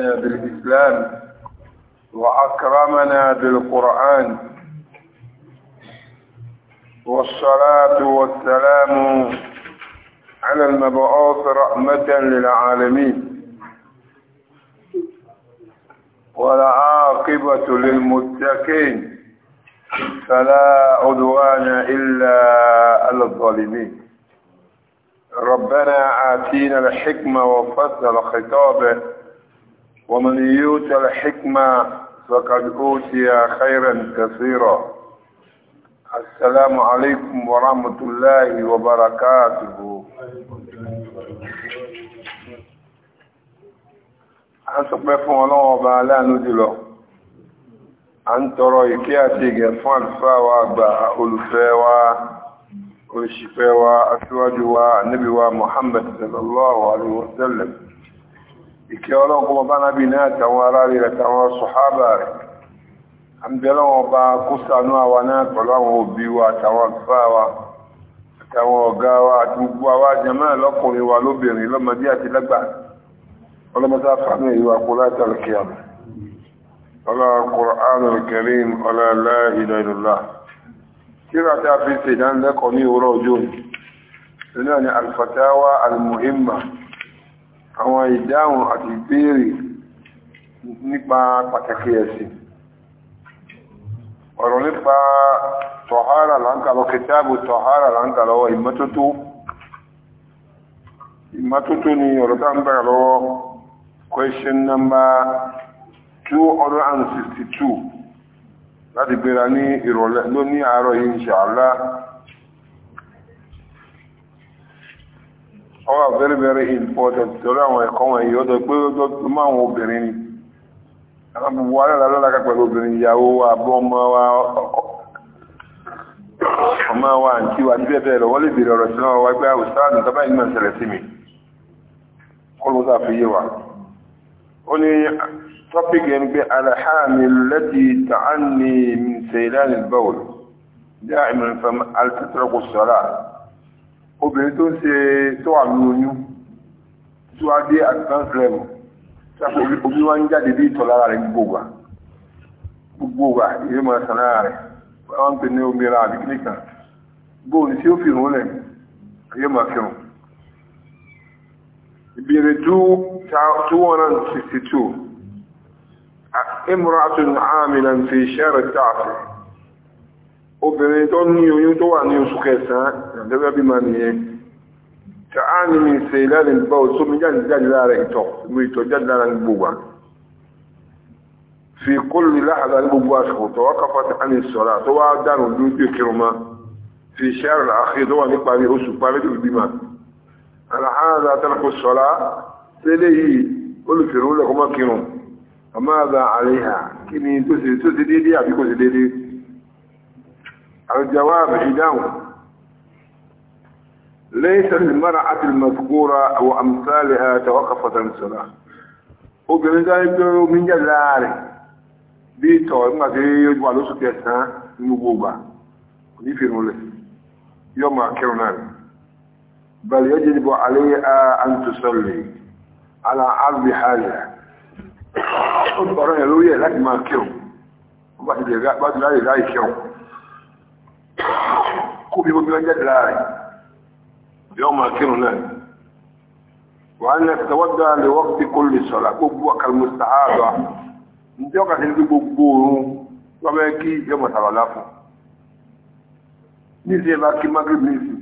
وأعزنا بالإسلام وأكرمنا بالقرآن والصلاة والسلام على المبعوث رحمة للعالمين والعاقبة للمتقين فلا عدوان إلا على الظالمين ربنا آتينا الحكمة وفصل خطابه ومن يؤت الحكمة فقد أوتي خيرا كثيرا السلام عليكم ورحمة الله وبركاته a sọpẹ́ fún ọlọ́wọ́ ọba aláàánú jùlọ a ń tọrọ ìkẹ́ àti ìgẹ̀ fún àlùfáà wa àgbà olùfẹ́ wa olùṣìpẹ̀ wa aṣíwájú wa ànábì wa Muhammad sallallahu alaihi wasallam ìkẹ́ ọlọ́run kó bá nábi náà tàwọn ará rẹ̀ àtàwọn sọ̀hábà rẹ̀ àmìbẹ̀lọ́ wọn bá kó sànú àwa náà pẹ̀lú àwọn òbí wa àtàwọn àgbà wa àtàwọn ọ̀gá wa àti gbogbo àwa jẹ́mọ́ lọ́kùnrin wa lóbìnrin lọ́mọdé àti lágbà ọlọ́mọdé fánú ìwà kó látàrí àwọn ìdáhùn àti ìbéèrè nípa pàtàkì ẹ̀sìn ọ̀rọ̀ nípa tọ̀hárà láńkàlọ́ kìtàbù tọ̀hárà láńkàlọ́ ìmọ́tótó ìmọ́tótó ni ọ̀rọ̀ tá ń bẹ̀rẹ̀ lọ́wọ́ question number 262 láti gbéra ní ìrọ̀lẹ́ lóní àárọ̀ insha Allah wọ́n very very important lórí àwọn ẹ̀kọ́ wọn èyí ọdọ̀ pé ó máa wọn obìnrin ni àwọn wà lára lọ́láka pẹ̀lú obìnrin ìyàwó wa bọ́ ọmọ wa ọmọ wa àǹtí wa níbẹ̀ bẹ́ẹ̀ lọ wọ́n lè bèèrè ọ̀rọ̀ sí wọn wá pé àwùsáàdù tọ́bá ìgbà ìṣẹ̀lẹ̀ sí mi kọlùmọ́ sá fi yé wa ó ní topic yẹn pé alhami lẹ́tì tàánì min sèlánì bọ́ọ̀lù jẹ́ ìmọ̀ ìfẹ́ alìtẹ́tẹ́rẹ́kù sọ́lá obìnrin tó ń ṣe tó wà ní oyún tí wá dé advanced tí a kò rí omi wá ń jáde bí ìtọ̀ lára rẹ̀ gbogbo wa gbogbo wa ìwé máa sàn lára rẹ̀ wọ́n ń pè ní omi ra àbíkí nìkan bóòlù tí ó fi hùn lẹ̀ ìwé máa fi hùn. ìbéèrè two hundred and sixty two imra'atun 'amilan fi shahr al-ta'fi obìnrin tó ní oyún tó wà ní oṣù kẹsàn-án lẹ́gbẹ́ bí ma nìyẹn ta á ní mi ṣe lẹ́rìn bá o sómi jáde jáde lára ìtọ̀ mi ìtọ̀ jáde lára gbogbo wa fi kólù láhàdá ní gbogbo àsìkò tó wá kápá tí a ní sọ̀rọ̀ tó wá dànù lójú ìkírun ma fi ṣẹ́rù àkè tó wà ní parí oṣù parí الجواب إداو ليس المرأة المذكورة وأمثالها توقفت عن الصلاة obìnrin dáa gbé omi ń jẹ́ láàrin bí ìtọ̀ nígbà tí ó wà lóṣù kẹsàn-án ní gbogbo ìgbà kò ní fèrè lẹ̀ yóò máa kẹrùn náà rẹ̀ bẹ̀rẹ̀ yóò jẹ́ níbo alẹ́ àǹtòsọ́lẹ̀ ala arbi halẹ̀ ó bọ̀rọ̀ yẹn lórí ẹ̀ láti máa kẹrùn ó bá ti lè ráyè kẹrùn kó bí gbogbo ẹjẹ́ dìrá rẹ̀ yóò máa kírun náà wà ní ẹ̀tẹ̀wọ́dọ̀ lè wọ́pì kó lè sọ̀rọ̀ gbogbo àkàlùmọ̀sá àdọ́ ní ọkà sí ní gbogbo oorun wọ́n bẹ́ kí yóò máa sàrọ̀ láfún ní ìsìn bá kí magrib ní ìsìn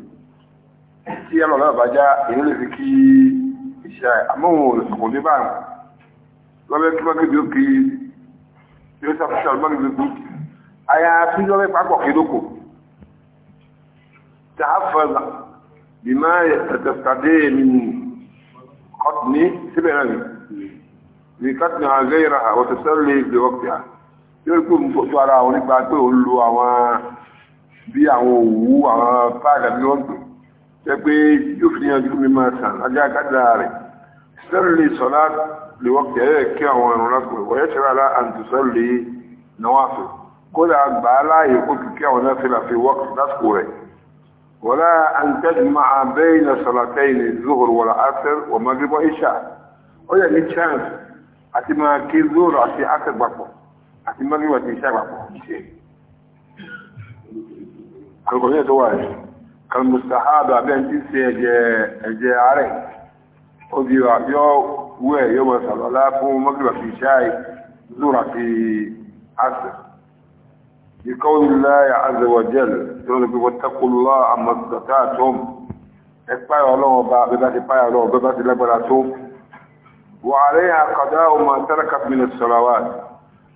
tí ẹ̀rọ náà bá já èyí lè fi kí ìṣe àmóhùn olùsọ̀kùn ní báyìí wọ́n bẹ́ kí magrib yóò kí yóò sàfihàn magrib yóò kí àyàfi lọ́wọ́ ìpapọ̀ kí lóko تحفظ بما تستطيع من قطن سبعنا من قطنها غيرها وتسلي بوقتها يقول مفوارا ونبقى تقول له àwọn bí àwọn òwú àwọn páàkà bí wọ́n tó tẹ́ pé yóò fi yanjú mi máa sàn ajá kádà rẹ̀ sẹ́rìlì sọ́lá lè wọ́n kẹ́ẹ̀ kí àwọn ẹ̀rùn lápẹ̀ wọ́yẹ́ ṣẹ́rà lá àǹtù sẹ́rìlì náwàfẹ́ kódà gbà láàyè kó kìkẹ́ àwọn náà fi ولا أن تجمع بين صلاتين الظهر والعصر ومغرب وعشاء ولا لي تشانس àti máa kí zuhur àti asr papọ̀ àti maghrib àti isha papọ̀ kọ̀kọ̀ yẹ́ tó wà rẹ̀ kan mustahab بقول الله عز وجل يقول واتقوا الله عما استطعتم اقبعوا الله ببات اقبعوا الله ببات لبراتهم وعليها قضاء ما تركت من الصلوات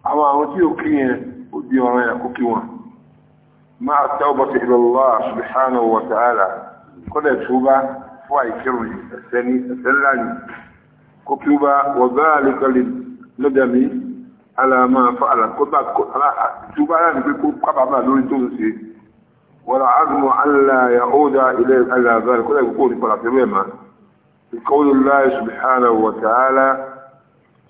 اما اوتيوا كين ودي وانا يكوكيوا مع التوبة الى الله سبحانه وتعالى كل توبة فواي كرني الثاني الثاني كوكيوبا وذلك للندم alama fa alakota tuba ya ni ko kaba ma lórí tó ṣe wala azmu alla yauda ila ala zal ko ko ni fara tebe ma qawlu allah subhanahu wa ta'ala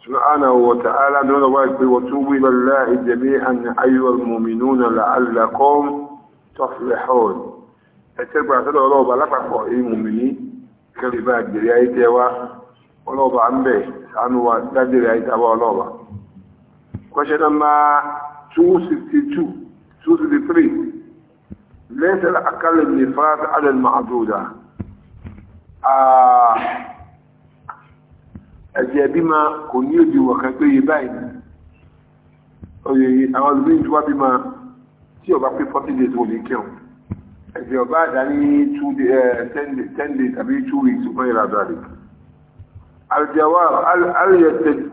subhanahu wa ta'ala dole wa ko wa tubu ila allah jami'an ayyuha almu'minuna la'allakum tuflihun etagba sala Ọlọ́run ba lápapọ̀ e mu'mini kele ba Question number 262, 263. ليس الأقل النفاذ على المعدودة. ẹ̀jẹ̀ bímá kò ní òjì wọ̀kan pé báyìí oye àwọn olùgbé ìjọba bímá tí ọba pé 40 days wò ní kẹun ẹ̀jẹ̀ ọba àdá ní 10 days tàbí 2 weeks ọgbọ́n ìràdọ̀ àdìkù الجواب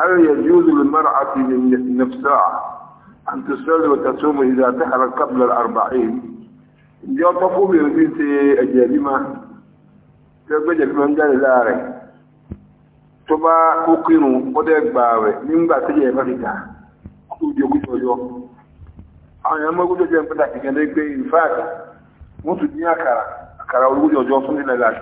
هل يجوز للمرأة نفسها أن تصلي وتصوم إذا تحرك قبل الأربعين ìjọ tọ́kú mi ò sí ṣe ẹ̀jẹ̀ bímá tí ó gbẹ́jẹ̀ bímá ń jáde láàrẹ̀ tó bá kó kírun ó dẹ́ gbà rẹ̀ nígbà tí ìjẹ̀ bá ti dà kó di ogún ọjọ́ àwọn èèyàn mọ́gbójọ́ jẹ́ pẹ́tàkì kan lé gbé in fact wọ́n tún ní àkàrà àkàrà ológun ọjọ́ fún nílẹ̀ láti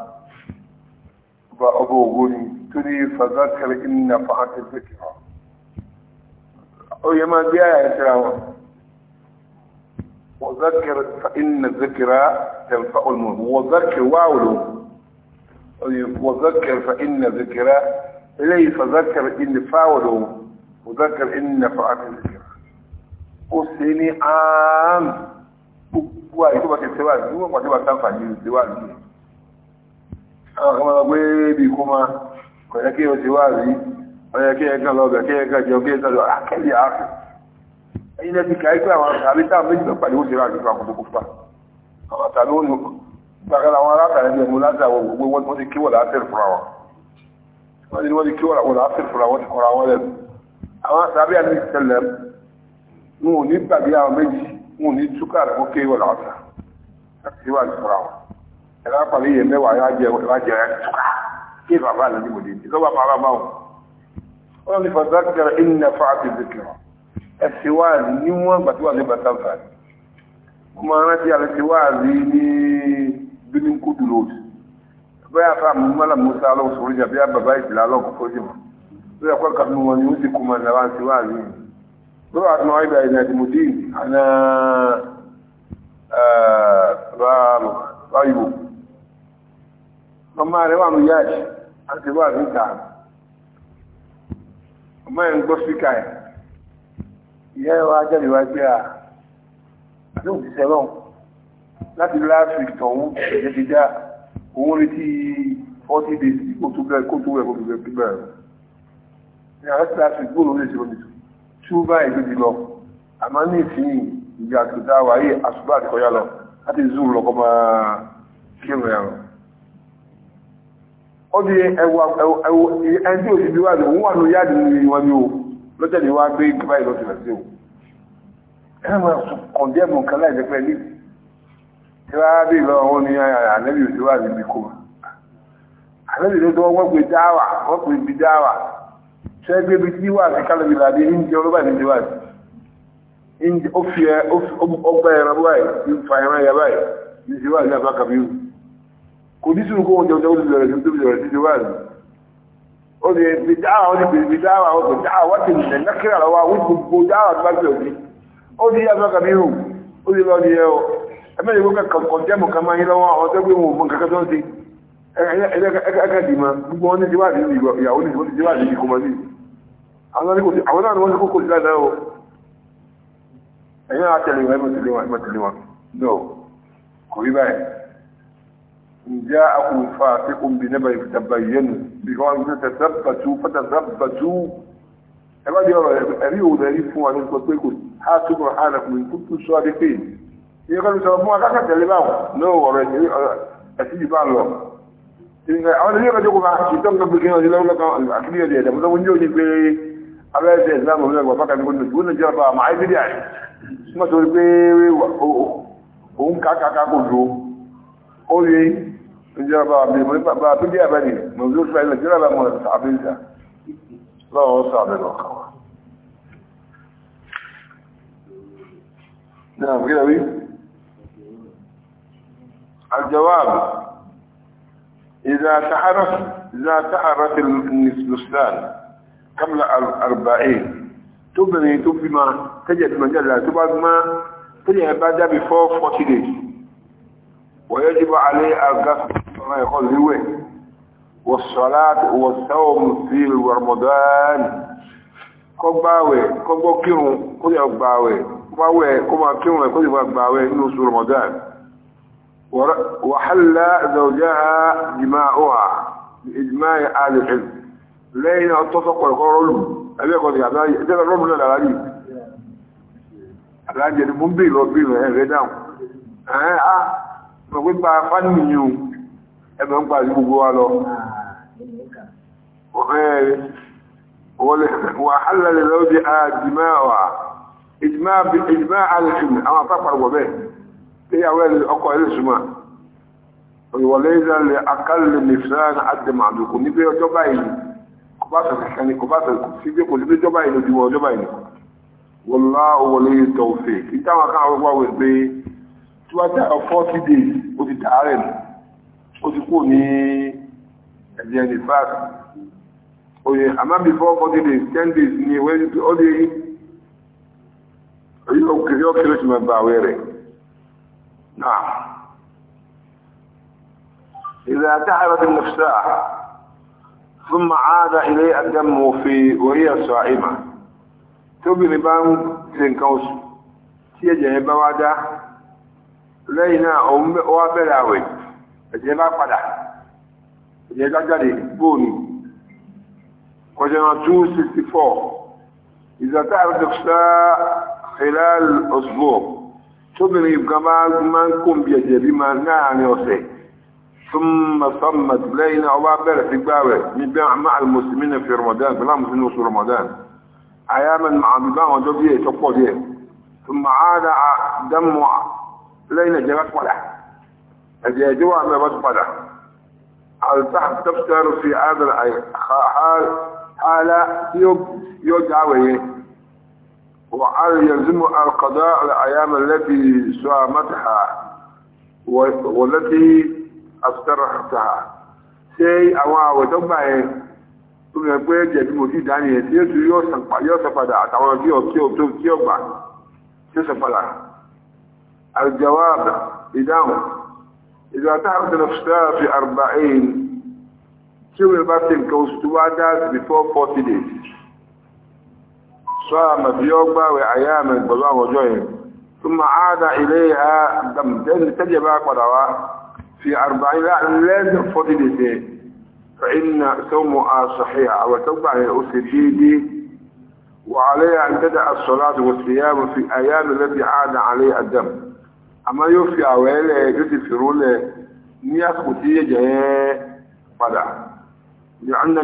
أبو غني تري فذكر إن فعت الذكرى أو يما بيا يا وذكر فإن الذكرى تنفع المهم وذكر واولو وذكر فإن الذكرى إليه فذكر إن فاولو وذكر إن فعت الذكرى أسني عام واي تبقى سواء سواء تنفع سواء àwọn kan máa gbé ibi kó máa kọ̀yẹ́ kí o ti wá rí ọyẹ́ kí ẹ̀kan lọ bẹ̀ kí ẹ̀kan jẹun kí ẹ̀kan lọ akẹ́lẹ̀ ah, ààrùn ẹ̀yìn lẹ́ti kàí pé àwọn tàbí tá méjì lọ pàdé ó ti rà nípa àkókò pupa àwọn tàbí ó nu gbàgbà àwọn alátàrẹ́ ní ẹ̀mú láti àwọn gbogbo wọ́n ti kíwọ̀ láàfẹ́rẹ̀ fúnra wọn wọ́n ti wọ́n ti kíwọ̀ láàfẹ́rẹ̀ fúnra wọn ti kọ́ra wọn lẹ́nu àwọn tàbí àti ìṣẹ̀lẹ̀ wọn ò ní gbàgbé àwọn méjì wọn ò ní túkà rẹ̀ kó kéwọ̀ láàfẹ́ láti wà ní fúnra wọn ẹ̀rọ apàlẹ́ yẹn mẹ́wàá yóò jẹ ìwájẹ rẹ̀ túká kí bàbá àlọ́ níbo dé ìjọba bàbá máa wò ó ní fàtà kẹrẹ ẹni náà fà á ti bẹ kẹrọ ẹ ti wá níwọ̀n gbà tí wà ní bàtà fà ní mo máa rántí àlẹ́ ti wá rí ní bíníkúdù lóòtù bẹ́ẹ̀ ọmọ rẹ̀ wà mú yáàdì àti wà níta ọmọ ẹ̀ ń gbọ́ síkà ẹ̀ ìyá ẹ̀ wá jáde wá gbé à àdéhùn ti sẹ́lọ̀ láti láàfin tọ̀hún ẹ̀jẹ̀ ti dá òun retí forty days kó tó bẹ̀rẹ̀ kó tó bẹ̀rẹ̀ kó tó bẹ̀rẹ̀ bẹ̀rẹ̀ ní àwọn láàfin gbóòrò lè ṣe omi tí ó bá ètò ti lọ àmọ́ ní ìsinyìí ìgbà ọdí ẹni tí òṣìbí wà lòun wà ló yáàdì ní wọn ni o lọ́jọ́ ni wá gbé ìgbà ìlọ́tí rẹ̀ sí o ẹ̀rọ kọ̀ndẹ́mù kan láìjẹ́ pẹ́ ní ìwá bí ìlọ́rọ̀ wọn ni àlẹ́bí òṣìbí wà níbi kò àlẹ́bí ló tó wọ́n pè dáwà wọ́n pè bí dáwà ṣe gbé bí tí wà sí kálẹ̀bí làdé ìjẹ ọlọ́bà ní ìjẹ wáyé ó fi ọgbà ẹ̀rọ báyìí ń fa ẹ̀rọ yà báyìí ní ìjẹ wáyé ní àbákàbí kò ní sínú kó wọn jẹun jẹun lórí rẹ̀ lórí rẹ̀ nílé wà ní ó lè fi dáhà ó lè fi fi dáhà ó lè dáhà wá ti nìyẹn nákìrà lọ́wọ́ àwọn gbogbo dáhà tó bá ti òbí ó lè yá sọ́kà mí rù ó lè lọ ní ẹ o ẹgbẹ́ ìwé kankan kan jẹ́mu kan máa yín lọ́wọ́ àwọn tó gbé wọn mọ kankan tó ń ti ẹ̀ka dì ma gbogbo wọn ní ti wá sí ìyàwó ní ti wá sí ìkọmọ sí àwọn náà ni wọ́n ti kókò sí láìláà o ẹ̀yìn àtẹ̀lé wọn ẹ̀ إن جاءكم فاسق بنبأ فتبينوا بقول تتثبتوا فتثبتوا ẹgbẹ́ di ọ̀rọ̀ ẹ̀rí òun ẹ̀rí fún wa ní sọ pé kò á túbọ̀ á nà kùnú kú tún sọ adé pé ní ẹgbẹ́ mi sọ fún wa kákà tẹ̀lé báwọn ní ọ̀rọ̀ ẹ̀sìn ẹ̀sìn yìí bá lọ. àwọn ilé ìrọ̀jọ́ kò máa ṣe tán gbogbo kí wọ́n ti lọ́wọ́ lọ́kàn àkíní ẹ̀dẹ̀ ẹ̀dẹ̀ mọ́tò wọ́n yóò ní pé نعم كده الجواب إذا تحرك إذا تحرك النسلسلان قبل الأربعين تبني تبني ما تجد مجلة ما تجد بعدها بفوق 40 ويجب عليه الغسل ما يقول هو والصلاة والصوم في رمضان كباوي كبو كيرون كل أباوي كباوي كما كيرون كل أباوي نص رمضان وحل زوجها جماعها بإجماع أهل العلم لين اتفقوا القرار أبي أقول يا أبي إذا الرب لا العليم العليم يجب أن لو بيه لو هين ها ها فقلت بقى فن من يوم ẹgbẹ̀ ń pàdé gbogbo wa lọ ah, wàhálà lè lọ́wọ́ di àjìmá wà ìjìmá alìsìn àwọn apápàrọ̀ bẹ́ẹ̀ tí yàwó ọkọ̀ ilẹ̀ súnmọ́ ìwọ̀lẹ́ ìzàlẹ̀ akálẹ̀ nìfẹ́ràn àdèmà àdùkù níbi ọjọ́ báyìí kò bá sọ̀rọ̀ kẹ́ni kò bá sọ̀rọ̀ sí pé kò níbi ọjọ́ báyìí lójú wọn ọjọ́ báyìí wọlá wọlé ìtàwọn kan ọgbà wẹ̀ pé tí days ó ti dàárẹ̀ nù ó ti kú ní ẹ̀jẹ̀ nifas oye àmá before forty days ten days ni ó lè rí yóò kéré ó kéré ṣùgbọ́n bá àwẹ̀ rẹ̀ náà إذا تعبت النفساء ثم عاد إليه الدم في وهي صائمة tóbìnrin bá ń ṣe nǹkan oṣù tí ẹ̀jẹ̀ yẹn bá wá dá lẹ́yìn náà bẹ̀rẹ̀ àwẹ̀ ẹ̀jẹ̀ bá padà ẹ̀jẹ̀ bá jáde bóònù kọjá wọn 264 إذا تعرض إخشاء خلال أسبوع تبني بكمال ما نكون بيجي بما نعني وسيء ثم صمت لينا وبابر في بابه مع المسلمين في رمضان فلا مسلمين في رمضان أياما مع بيبان وجبيه تقوى ثم عاد دم لينا جلت ولا ẹ̀jẹ̀ ẹ̀jẹ̀ ما mẹ́wàá على padà alta tafsiru fi hadha al hala yóò jáwé وعلى يلزم القضاء الأيام التي سامتها والتي أفترحتها شيء أوا وتبعي ثم يقول جد مجيد عني يسير يوسف يوسف دع تعالى كيو كيو كيو كيو يوسف دع الجواب إدام إذا تعرض نفسها في أربعين شو الباسم كوستوادا before 40 days صام في يوم وأيام البلاغ وجوه ثم عاد إليها دم تجب قدوا في أربعين لا لازم 40 days فإن سومها صحيح أو توقع الأسديد وعليها أن تدع الصلاة والصيام في أيام التي عاد عليها الدم àmọ́ yóò fi àwẹ̀ lẹ̀ yóò ti fi rúlẹ̀ ní àsìkò tí yẹ jẹ́ padà لأن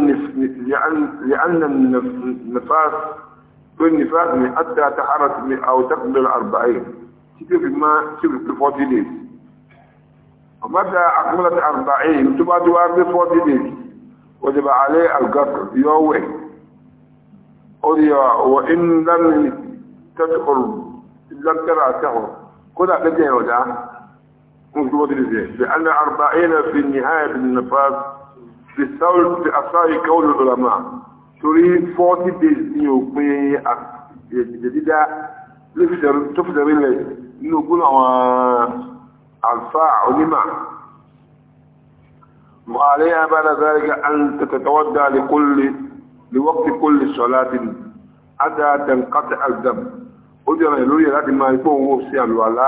النفاس كل نفاس من حتى تحرت أو تقبل الأربعين تكيف ما تكيف في 40 days ومتى أكملت 40 تبقى دوار في 40 days وجب عليه القصر يوه قل وإن لم تدخل لم ترى تهر كل أخذ يا وجاء مش بودي زي لأن أربعين في النهاية النفاس في الثول في أصاي كول العلماء تري فورتي ديز نيوبي جديدة لفتر تفتر لي نقول عن الفاع علماء وعليها بعد ذلك أن تتودع لكل لوقت كل صلاة حتى تنقطع الدم ó jẹ́ ọ̀rọ̀ ìlórí láti máa ipò owó sí àlùwàlá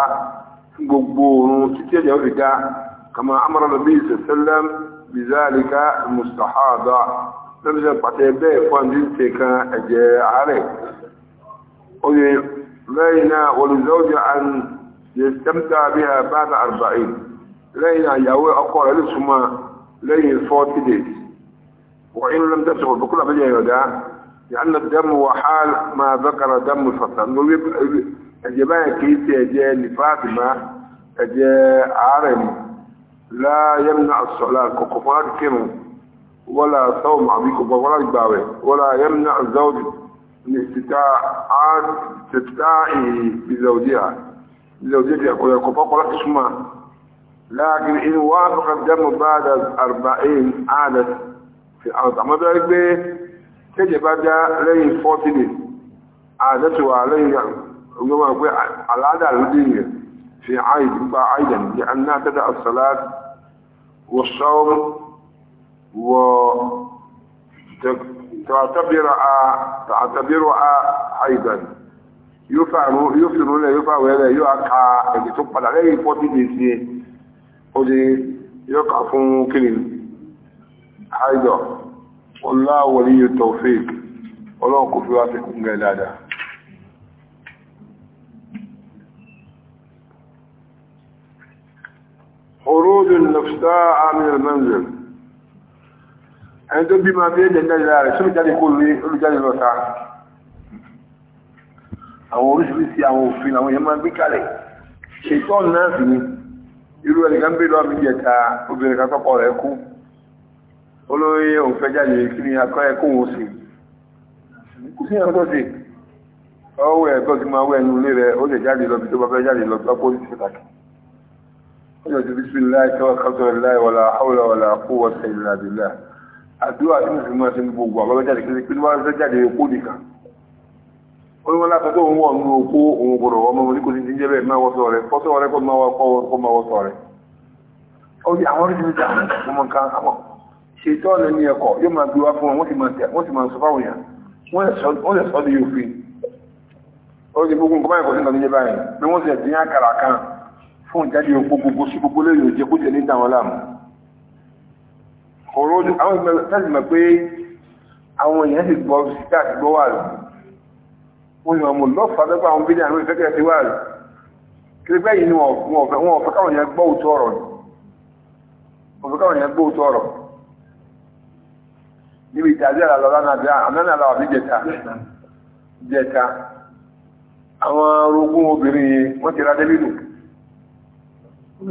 fún gbogbo oorun títí ẹ̀jẹ̀ ó fi dá kama amara nabi sallam bizalika mustahada lẹ́nu sẹ́ pàtẹ bẹ́ẹ̀ fún àdín ṣe kan ẹ̀jẹ̀ àárẹ̀ ó yẹ lẹ́yìn náà wọlùzọ́jọ́ لأن الدم هو حال ما ذكر دم الفصل أجباء كيس أجاء لفاطمة أجاء عارم لا يمنع الصلاة كفار كنو ولا صوم عبيكم ولا الباوي ولا يمنع الزوج من استطاعات استطاعه بزوجها بزوجتها كفار ولا تسمع لكن إن وافق الدم بعد الأربعين عادت في الأرض ما ذلك به tẹ́jẹ̀ bá dá lẹ́yìn 40 days àdẹ́tùwà lẹ́yìn ọgbọ́n àgbẹ́ aládà lóde yẹn fi àìd nípa àìdà ní anná tẹ́tà àṣàlát wọ sọ́ọ́m wọ tàbírọ̀ a àìdà yóò fi rúnlẹ̀ yóò fàwẹ́lẹ̀ yóò aka ẹ̀gẹ̀ tó padà lẹ́yìn 40 days yẹn ó di yóò kà fún kíni àìdà والله ولي التوفيق ولو كفي وافقكم قيلادا خروج النفساء من المنزل عندهم بما بيد النجل العالي شو جالي يقول لي قلوا جالي الوسع àwọn oríṣiríṣi àwọn òfin àwọn èèyàn máa gbé kalẹ̀ ṣètọ́ náà sí ní irú ẹ̀lẹ́gbẹ̀ẹ́ lọ́wọ́ mi jẹta obìnrin kan tọ́kọ rẹ̀ kú olóyè òun fẹ́ jáde kí ni akọ́ ẹ kóhun sí kú sí ẹ̀kọ́ sí ọwọ́ ẹ̀kọ́ sí máa wọ ẹnu ilé rẹ̀ ó lè jáde lọ bí tó bá fẹ́ jáde lọ gbá pólísì pàtàkì ó lọ sí bismillahi tawakkaltu lillahi wala hawla wala quwwata illa billah àdúrà tí mo sì máa ṣe ní gbogbo àbábẹ́ jáde kí ni pé wọ́n fẹ́ jáde okó nìkan ó ní wọn láti tó òun wọ̀ nínú okó òun gbọdọ̀ wọ́n mọ́ ní kò ní ti jẹ́ bẹ́ẹ̀ máa wọ́sọ̀ rẹ̀ fọ́sọ̀ rẹ̀ kó máa wọ́sọ̀ rẹ̀ ó ní àwọn oríṣiríṣi àwọn ọmọ nǹkan àmọ́ ṣètọ́ ọ̀nà ní ẹ̀kọ́ yóò máa gbé wá fún wọn wọ́n sì máa sọ fáwọn èèyàn wọ́n lè sọ́ di òfin ó di gbogbo nǹkan báyìí kò sí nǹkan tó jẹ báyìí bí wọ́n sì ẹ̀dín àkàrà kan fún ìjáde òpó gbogbo sí gbogbo lè yòó jẹ kó jẹ ní ìdáwọn láàmú ọ̀rọ̀ ojú àwọn ìgbà láti mọ̀ pé àwọn èèyàn sì gbọ́ síta àti gbọ́ wà lọ wọ́n sì mọ̀ lọ́fà tó pa àwọn bídí àwọn ìfẹ́kẹ́ sí wà lọ kiri bẹ́ẹ̀ yìí ni wọ́n ọ̀fẹ́ káwọn èèyàn gbọ́ òtú ọ̀rọ̀ níbi ìtàdé àlọ́ lánàá bí àmẹ́nà àlọ́ àbí jẹta jẹta àwọn orogún obìnrin wọ́n ti ra débìnù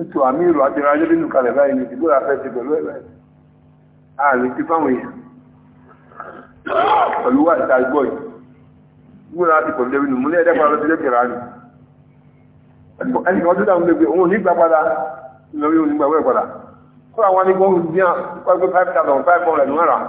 ètò àmì ìrò àti ra débìnù kalẹ̀ báyìí ní ìdìbò àfẹ́ ti pẹ̀lú ẹ̀rọ ààrẹ ti fáwọn èèyàn pẹ̀lú wà ìta gbọ́ yìí gbúra ti pẹ̀lú débìnù mú ní ẹ̀dẹ́gbàrá ni ẹnì kan tó dáhùn lé pé òun ò ní gbà padà lórí òun ní gbà wẹ́ padà kó àwọn anigbọ́n bí wọn pẹ́ pẹ́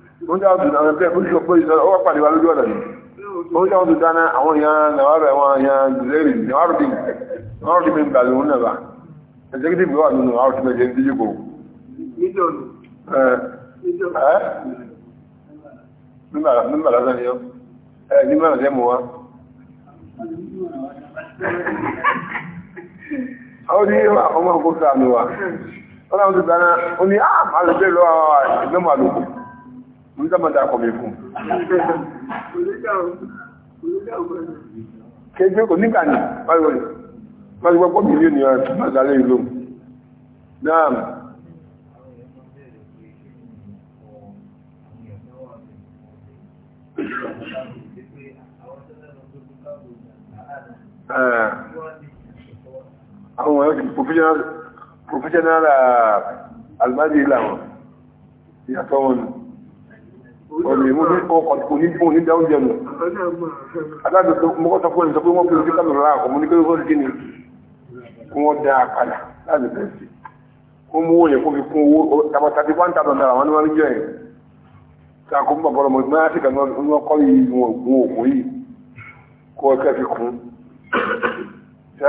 wọ́n jẹ́ ọdún àwọn ẹgbẹ́ fún ìṣọ́pọ̀ ìṣọ́rọ̀ ọwọ́ pàdé wa lójú ọ̀dọ̀ yìí wọ́n jẹ́ ọdún dáná àwọn èèyàn nàwárọ̀ àwọn èèyàn gùzẹ́rì nàwárọ̀dì nàwárọ̀dì gbà lóhun náà executive wà nínú nàwárọ̀dì mẹ́jẹ ní díjúkò nígbà lásán ni ó nígbà lásán ni ó àwọn ní ọmọ òkúta àmì wa wọ́n láwọn ti dáná ó ní àmà lè bẹ́ẹ̀ lọ́wọ́ ìgbẹ́mọ̀ àlòkù ń sọ́mọ́ dákọ̀ mi fún kéjì kò níkà ní pàríwọ̀ pọ́ mílíò ní ọ̀rọ̀ mọ́sálẹ̀ ìlú náà eh. àwọn ọ̀rọ̀ professional eh, almadi láwọn ìyàtọ̀ wọn nù ọ̀nà ìmú ní ọkọ̀ òní fún òní dá oúnjẹ nù adájọ́ tó mọ́kọ́ sọ fún ẹni sọ pé wọ́n fi ojú kánù rárá ọmọ nígbẹ́ wọ́n dí ni kí wọ́n dá a padà láti bẹ̀rẹ̀ sí kó mú owó yẹn fi kún owó tabatati one thousand naira wọn ni wọ́n ń jọ yẹn tí a kó mú bàbá ọmọ ìgbà láti kàn ní ọkọ̀ yìí wọn ògùn ògùn yìí kó ọkẹ́ fi kún tí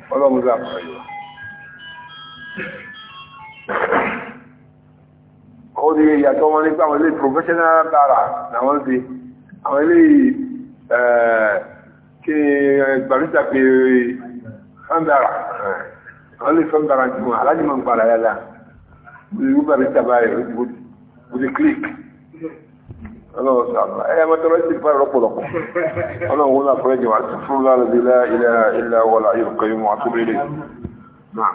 a gbé àbí ó di ìyàtọ̀ wọn nípa àwọn ilé professional bara làwọn ṣe àwọn ilé eh, kí gbàlúta pé fẹ́ndara eh, àwọn ilé fẹ́ndara ti wọn aláàjì máa ń gbàlá yàrá ìlú gbàlúta báyìí ó ti click ọlọ́run sàmà ẹ̀yà mọ́tọ́rọ́ sí ìpá ìrọ́pọ̀lọpọ̀ ọlọ́run wọn àpẹẹrẹ jẹ́ wà fún lára ilẹ̀ ilẹ̀ wọlá yóò kẹyìn wọn àtúbẹ̀rẹ̀ Naam.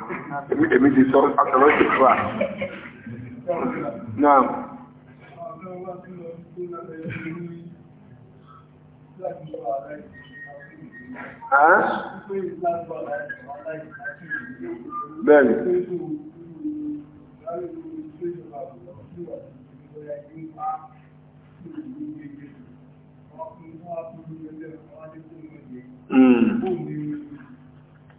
Èmi ti sọ àtọ̀rọ̀ ti fà. Naam. Bẹ́ẹ̀ni. Mm.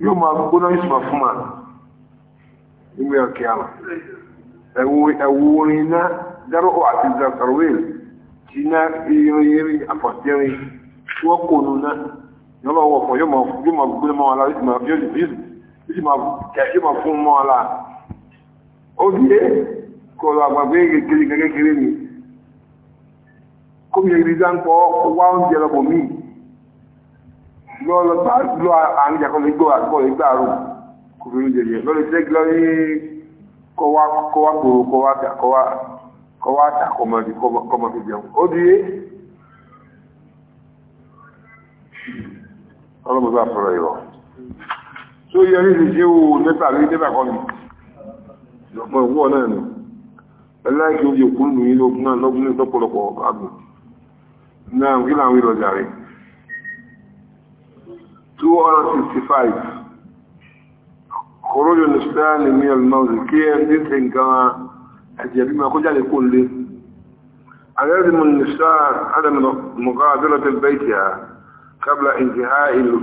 yóò máa gbóná yóò máa fún ma nígbà ọ̀kẹ́ àmà ẹ̀wù orin iná dáró àti zakarwil ti ná irin àfọ̀tẹ́rin tí wọ́n kò nù ná lọ́lọ́wọ́ fún yóò máa gbóná mọ́ ala yóò máa fún mọ́ ala ó dìé kọ̀ọ̀lọ̀ àgbàgbé kékeré kékeré ni kó mi rí dáńpọ̀ wá oúnjẹ lọ́bọ̀ míì lọ́lọ́ bá lọ àárín ìjà kan lè gbọ́ àgbọ̀ ìgbà àrò kò fi oúnjẹ yẹ lọ́lọ́ ìṣẹ́ gbọ́ ní kọ́wá kọ́wá gbòòrò kọ́wá tà kọ́wá kọ́wá tà kọ́mọdé kọ́mọdé jẹun ó di yé ọlọ́mọ bá fọ̀rọ̀ ìrọ̀ tó yẹ ní ìṣe wo nípa rí nípa kan ní ọmọ ìwọ náà nù ẹlẹ́kì oúnjẹ òkú nù yín lókun náà lọ́gbọ́n ní lọ́pọ̀lọpọ̀ àgbò náà kí làwọn ìrọ̀jà rẹ̀ 265 kòrójò nìsílẹ̀ ní mil náà kí ẹ ní tí nǹkan àjẹ̀bí ma kó jáde kó lé alẹ́rìmù nìsílẹ̀ adàmì mọ̀gá abẹ́lọ́tẹ̀ bẹ́ẹ̀kì à kábla ìjìhá ìlú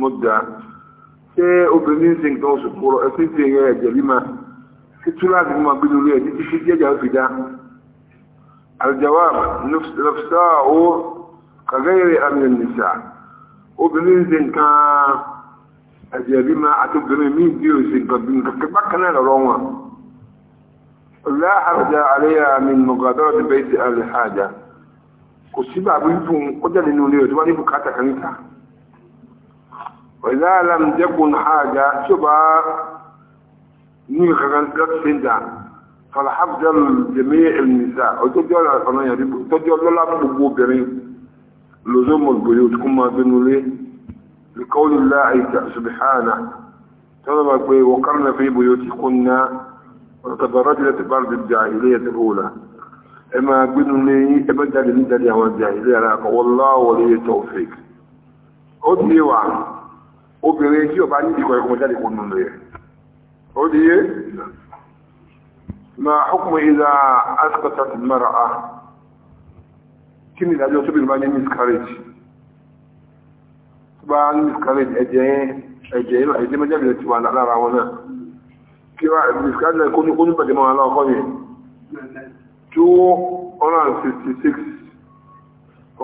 mọ́dá ṣé obìnrin tí nǹkan oṣù kúrò ẹ tí ń àjẹ̀bí ma kí túláàbí obìnrin ṣe nǹkan àjẹ̀bí ma àti obìnrin míì bí o ṣe nǹkan bí nǹkan bákan náà lọ́rọ́ wọn ọ̀lá àrùjá àríyá mi mọ̀gàdọ́ ti bẹ́ẹ̀ ti àlẹ́hàjá kò sí bàbí fún ó jáde nínú ilé ọ̀tí wọ́n ní bùkátà kan níta ọ̀lá àlàmìjẹ́kùn àjà tí لزوم البيوت كما بنوا ليه لقول الله سبحانه طلب وقرنا في بيوتكن وتبرجنا تبرج الجاهلية الأولى إما بنوا لي أبدا لمدة لهم الجاهلية لك والله ولي التوفيق أدني وعن أبني جي وبعني دي كويكم جالي كنون لي أدني ما حكم إذا أسقطت المرأة kí ni ìdájọ́ tó bìnrin bá ní miscarriage tó bá ní miscarriage ẹ̀jẹ̀ ẹ̀jẹ̀ ẹ̀jẹ̀ méjèèjì ti wà lára wọn náà kí wá miscarriage kó ní kó ní bẹ̀rẹ̀ mọ́ aláwọ̀ kọ́ yẹn two hundred and sixty six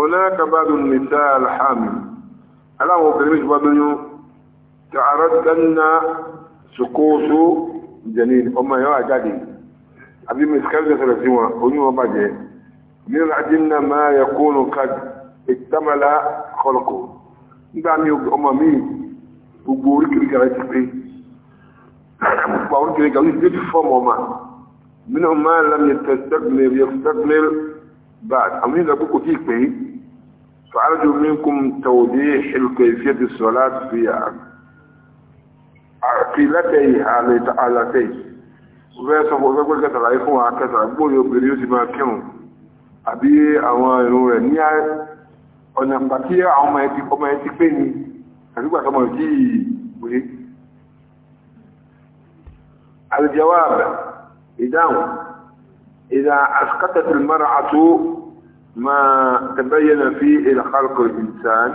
هناك بعض النساء الحامل aláwọ̀ obìnrin méjì bá lóyún tààrọ́dánná ṣokóóṣó jẹ̀ní ọmọ ẹ̀yọ́ àjáde àbí miscarriage ṣẹlẹ̀ sí wọn oyún wọn bàjẹ́ من عدلنا ما يكون قد اكتمل خلقه nígbà mi ọmọ mi gbogbo oríkèríkè rẹ̀ ti pé gbogbo àwọn oríkèríkè rẹ̀ ti fọ́mọ̀ ọmọ mínú máa lámì tẹ́sẹ̀gbìnlẹ̀ yẹ̀sẹ̀gbìnlẹ̀ bá àwọn ìlú àkókò tí pé fàájú mi kún tàwọ̀dé ìṣẹ̀lùkẹ̀ ìfẹ́ ti sọ láti fi àti látẹ̀ àlàtẹ̀ ìfẹ́ sọ fún ọgbẹ́gbẹ́ kẹtàlá fún àkẹtàlá gbóyè obìnrin ó ti máa kírun àbí àwọn ìrun rẹ̀ ní ọ̀nà pàtí àwọn ọmọ ẹ̀tí ọmọ ẹ̀tí pé ní àrígbà tọmọ sí ìwé alìjẹwà ìdáhùn ìdá àṣkátẹ̀tì mara àtó ma tẹ̀bẹ̀yẹnà fi ìlàkàlùkọ̀ ìsàn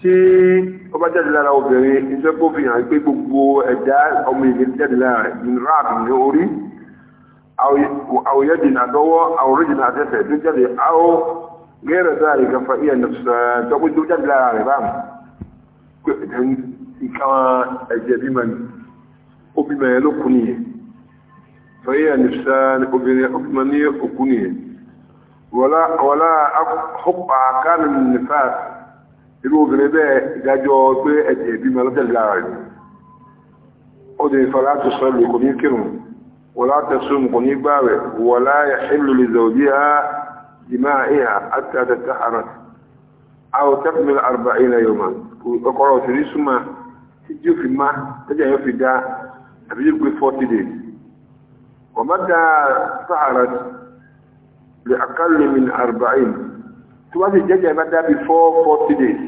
tí ó bá jáde lára obìnrin ìjẹ́gbófin àti pé gbogbo ẹ̀dá ọmọ ìgbésẹ̀ jáde lára ìrìn ráàbì orí أو يدنا دواء أو رجلنا تسع تجد أو غير ذلك فهي نفس تقول تجد لا ربام كما أجابي من أبي ما يلقني فهي نفسان أبي أبي أكني ولا ولا حق كان النفاس irú obìnrin bẹ́ẹ̀ ìdájọ́ pé ẹ̀jẹ̀ ìbímọ lọ́tẹ̀lára rẹ̀ ó dẹ̀ ìfọ̀lá tó sọ́lù kò ní kírùn-ún ولا تصوم قنيبا ولا يحل لزوجها دمائها حتى تتحرر أو تكمل أربعين يوما وقرأوا تريسما تجيو في ما تجيو في دا تجيو في 40 days ومدى سحرت لأقل من أربعين تواجه جاجة مدى before 40 days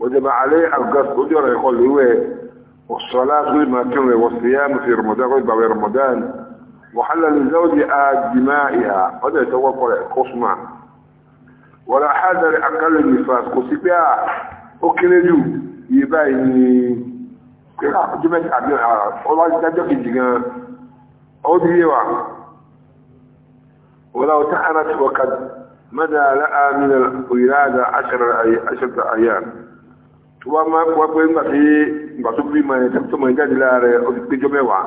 وجب عليه القصد وجرى يقول له والصلاة ما كان والصيام في رمضان غير بعد رمضان وحل الزوج دمائها هذا يتوقع قسمة ولا حاجة لأقل النفاس قسبها أكلجو يبايني جمعت عبدالها والله تدق الجنان أودي يوع ولو تحرت وقد مدى لأى من الولادة عشر أيام tó bá máa wá pé nígbà tí ìgbà tó bí máa tẹ́tí tó máa jáde láàrẹ ó ti péjọ mẹ́wàá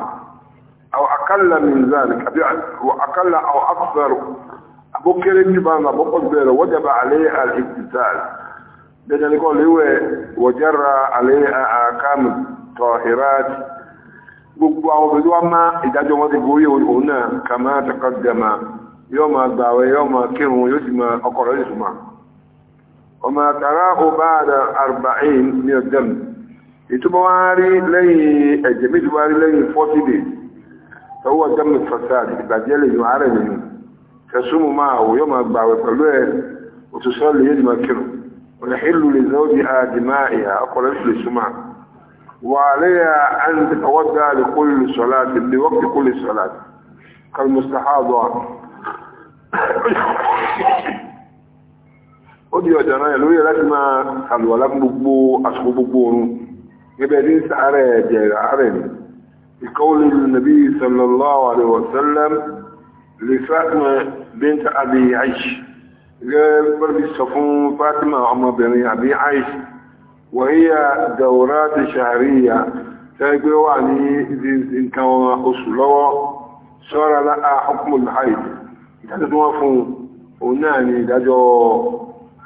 àwọn akálà mìíràn àbí akálà àwọn afẹ́rù abókéré ní bá máa bọ́pọ̀ bẹ̀rẹ̀ wọ́n jábà alẹ́ al-ibtisal dandan kọ́ léwẹ̀ wọ́jára alẹ́ àkàmù tọ̀hìráàtì gbogbo àwọn obìnrin wá máa ìdájọ́ wọn ti gorí òun náà kà máa tẹ́kọ̀ jẹ́ máa yóò máa gbàwẹ̀ yóò máa kírun yóò sì máa ọkọ̀ rẹ̀ sì máa وما تراه بعد أربعين من الدم يتبواري لي الجميع تبواري لي فوتي دي فهو الدم الفساد بعدين يعرف منه تسوم معه يوم أربعة وثلاثة وتصلي يجمع كله ونحل لزوجها دمائها أقول للسماع وعليها أن تتوضع لكل صلاة لوقت كل صلاة كالمستحاضة ó di ọ̀dọ̀ náà lórí láti máa àlùwàlá gbogbo àsìkò gbogbo oorun gẹ́gẹ́ bí sàárẹ̀ ẹ̀jẹ̀ àárẹ̀ ni ìkọ́wọ́lì nàbí sallallahu alaihi wasallam lè Fatima bint Abi Aish gẹ́gẹ́ bọ́lbí sọ fún وهي دورات شهرية تقوى عني إن كان أسلوه صار لها حكم الحيض ìdájọ́ tó wọ́n fún òun náà ni ìdájọ́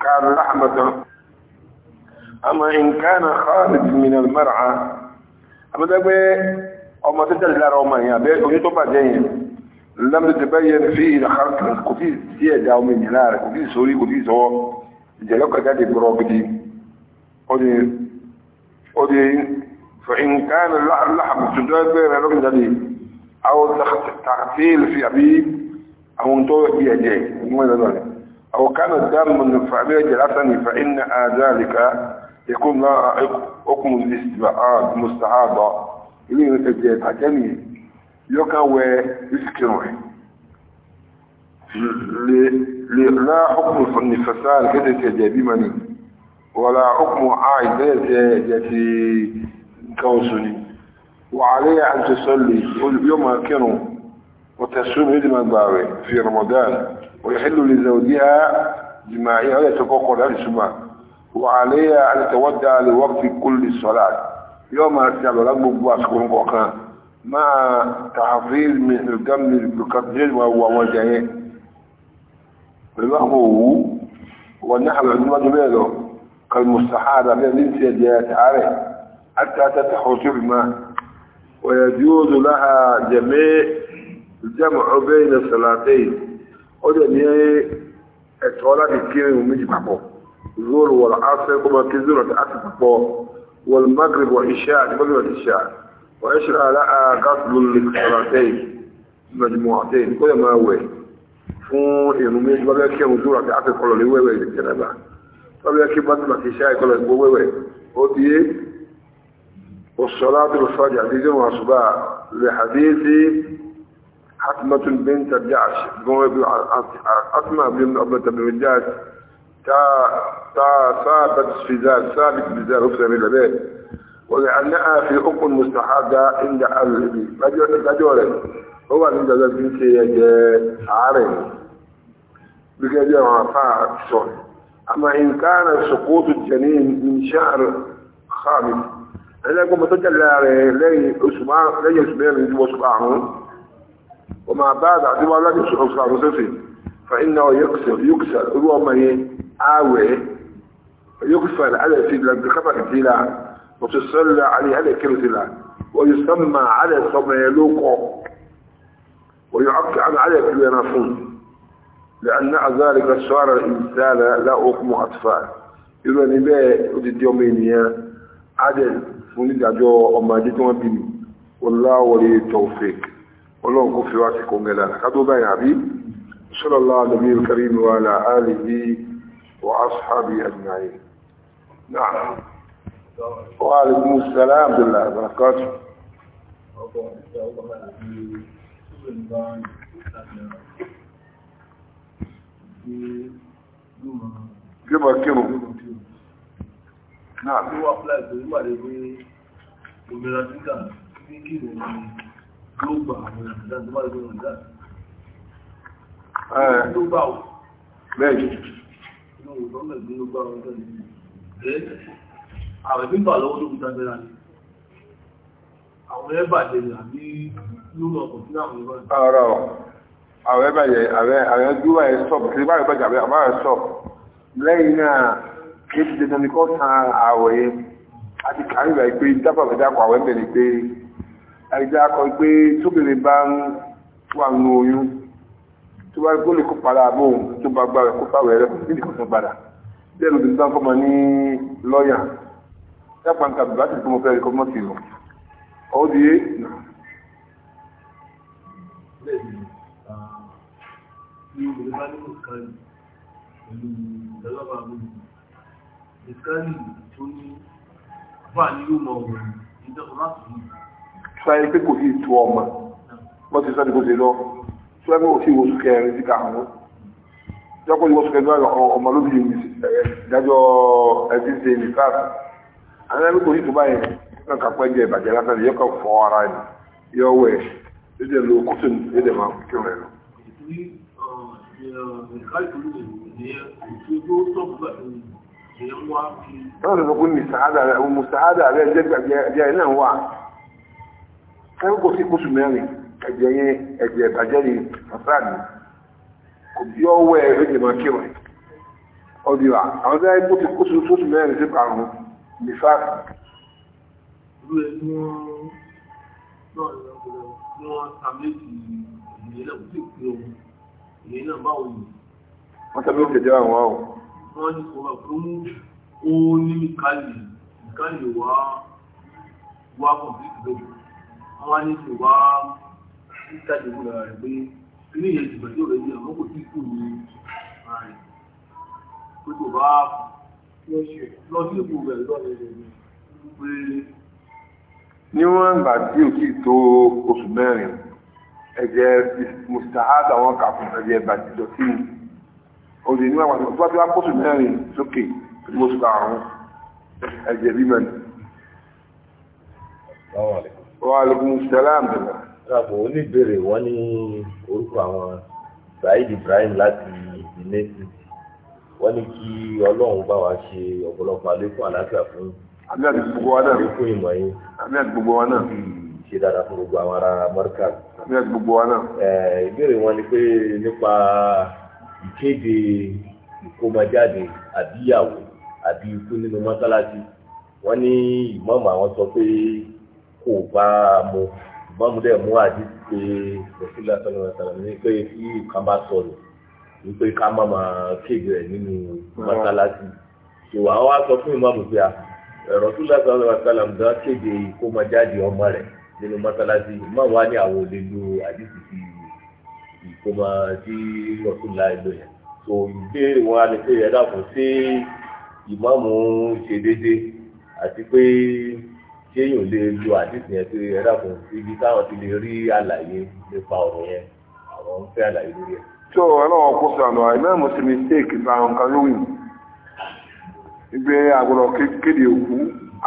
كان لحمة أما إن كان خارج من المرعى أما ده أو ما تدل لا روما يا بيه ونيتو بعدين لم تتبين فيه دخلت كفي سيادة أو من هنا كفي سوري كفي سو جلوك جادي بروبدي أودي أودي فإن كان اللحم لحم سدود بين لهم جدي أو تغفيل في أبي أو أنتو بيجي ما ده. أو كان الدم من فعلية جلسني فإن ذلك يكون لا حكم الاستبعاد مستعاضة إليه نتجيب حكمي يوكا ويسكنوه لا حكم فسال كده تجيبي بمني ولا حكم كده يتي كوسني وعليه أن تصلي يوم كانوا وتسوم هدم الباوي في رمضان ويحل لزوجها جماعية ولا تفوق عن السماء وعليها أن تودع لوقت كل صلاة يوم أرسل ربك وأسكن وقا مع تحفيز من الجمل بالقدر وهو وجهه هو والنحل عندما جميله كالمستحارة من الانسية جاءت عليه حتى تتحوص ما ويجوز لها جميع الجمع بين الصلاتين ó dẹ̀ ní ẹ̀tọ́ láti kí irun méjì papọ̀ zoro wọ̀lá asẹ́ gbọ́mọ kí zoro àti asẹ́ papọ̀ wọ̀l magrib wọ̀ iṣẹ́ àti magrib wọ̀ iṣẹ́ wọ̀ iṣẹ́ àlá àkásùlù lẹ́kọ̀ọ́tẹ́yì mẹ́jìmọ̀ àtẹ́yì kó yẹ máa wẹ̀ fún irun méjì wọ́n bẹ́ kí صباح لحديث حتمة بنت الجعش حتمة بنت الجعش تا تا ثابت في ذلك ثابت بذلك أفسر إلى ذلك ولأنها في أق مستحاضة عند الرجل هو عند ذلك بنت عارم بكذا يعرفها الصون أما إن كان سقوط الجنين من شهر خامس أنا كنت أتكلم لي أسماء لي أسماء من جوا وأسبوعين وما بعد عدم الله يشعر صلى الله فإنه يكسر يكسر هو ما آوي يكسر على سيد لك خبر تلا وتصلى عليه على كرسلا ويسمى على صميلوك ويعق عن على كل نصون لأن ذلك صار الإنسان لا أقم أطفال إذا نبي أدد يومينيا عدل فنجد أجو أما جدوا بني والله ولي التوفيق ọlọ́run kó fi wá sí kóńgẹ́ lára kátó báyìí àbí sọ́lọ́lá àdàbí karim wa la alihi wa ashabi ajma'in náà wa alaikum salam abdullahi barakatu ló gbà àwọn ìlànà tó bá lè gbọ́nà dá. ló gbà ó. bẹ́ẹ̀ ni. inú òwúrọ̀ mẹ́gbẹ́ ló gbà ọjọ́ ìlú. àwẹ̀ pípa lọ́wọ́ ló ń dábẹ́ra ni. àwọn ẹ̀ bàjẹ́ ni àbí lónà ọkọ̀ sí àwọn ìbọn. ọ̀rọ̀ àwẹ̀ bàjẹ́ àwẹ̀ àwẹ̀ gbígbà ẹ̀ sọ̀p kí bá rẹ̀ bàjẹ́ àwẹ̀ àbá rẹ̀ sọ̀p lẹ́yìn náà kí ti dandan ni kọ́ san àwẹ̀ yẹn àti kàrí rẹ̀ pé dábàbẹ̀dá kọ àwẹ̀ mẹ́rin pé àìjá akọ pé tóbìnrin bá ń wà nù oyún tó bá gbólè kó padà bò tó bá gbà rẹ̀ kó fà rẹ̀ rẹ̀ kó sílẹ̀ kó tún padà bí ẹnu tó ń fọmọ ní lọ́ọ̀yà dápà ń kàbí láti fún mo fẹ́ rí kọ́mọ́ sí lọ ọ́ di é nà. Ìkànnì tó ní wà ní yóò mọ̀ ọ̀rọ̀ ìjọba láti fún sáyé pé kò sí ìtú ọmọ wọ́n ti sọ́dí kò sí lọ tí wọ́n kò sí ìwòsù kẹrin sí káàmù jọ́kọ́ ìwòsù kẹrin lọ́wọ́ ọmọ ló bí ìdájọ́ ẹ̀sìn ṣe ní káàkiri àwọn ẹgbẹ́ kò sí ìtú báyìí náà kàpẹ́ jẹ ìbàjẹ́ lásán yẹ kọ́ fọ́ ara ẹ̀ yọ wẹ̀ ẹ̀ jẹ́ lo kóso ẹ̀ dẹ̀ máa kí ọ̀rẹ́ lọ. Tọ́lá sọ pé mùsàádà rẹ̀ jẹ́ ìgbàgbé ẹ̀ náà wà ẹ̀rù kò sí kóṣù mẹ́rin ẹ̀jẹ̀ yẹn ẹ̀jẹ̀ ìbàjẹ́ ni fàṣáàdì kò bí ọwọ́ ẹ̀ ẹ̀jẹ̀ máa kírun ọdíwà àwọn ẹ̀rù kò sí kóṣù kóṣù mẹ́rin sí karùn-ún ní fáàkì. wọ́n tàbí ó tẹ̀jẹ́ àwọn ọ̀hún. wọ́n ní kò wà fún ó ní kálí kálí wá wá kọ̀m̀pútì lójú àwọn ní ṣùgbọ́n ìtajà ìwúlò rẹ̀ pé ilé ìyẹn ìgbà tí ó rẹ̀ yẹ àwọn kò tí kù ní ààrẹ pé kò bá lọ sí ipò rẹ̀ lọ́rẹ̀ rẹ̀ ni pé. níwọ̀n ìgbà tí ò tí tó oṣù mẹ́rin ẹ̀jẹ̀ mustahada wọn kà fún ẹ̀jẹ̀ ìbàdìjọ sí i òdì níwọ̀n àwọn tó bá ti wá kóṣù mẹ́rin sókè pẹ̀lú oṣù ẹ̀jẹ̀ bímọ Wàhálùkún Sàlám. Ìràpọ̀ oníbèrè wọ́n ní orúkọ àwọn Saheed Ibrahim láti Ìnẹ́sì. Wọ́n ní kí Ọlọ́run bá wa ṣe ọ̀pọ̀lọpọ̀ àlékún àlàáfíà fún Abíyàtì gbogbo wa náà. Àlékún ìmọ̀ yín. Abíyàtì gbogbo wa náà. Ṣé dáadáa fún gbogbo àwọn ará Amẹ́ríkà. Abíyàtì gbogbo wa náà. Ìbéèrè wọn ni pé nípa ìkéde ìkómọjáde àbíyàwó àbí ikú nínú mọ́sálásí. Wọ́n ní ìmọ̀ọ́mọ̀ àwọn sọ pé kò bá mu ìmọ̀mù dẹ̀ mú àdìsí pé rẹ̀sílẹ̀ sọ̀rọ̀ sọ̀rọ̀ ní pé kí nǹkan bá sọ̀rọ̀ ní pé ká má máa kéde rẹ̀ nínú mọ́sálásí ìwà wa sọ fún ìmọ̀mù pé rẹ̀sílẹ̀ sọ̀rọ̀ sọ̀rọ̀ gan kéde ìkómọjáde ọmọ rẹ̀ nínú mọ́sálásí ìmọ̀mù wa ní àwọn olè lo àdìsí sí ìkómọ tí rẹ̀sílẹ̀ lò yẹn tó ìbéèrè wọn á lè pé ẹ̀dá kò sí ìmọ̀mù ṣe déédéé àti pé kéèyàn lè lo àdìsí yẹn pé ẹ dàpọ̀ ibi táwọn ti lè rí àlàyé nípa ọ̀rọ̀ yẹn àwọn ń fẹ́ àlàyé lórí ẹ̀. tó ọlọ́wọ́ kó sànù àìmọ́ mo ti mistake ìbáwọn kan lóhùn ìgbé àgbọ̀dọ̀ kéde òkú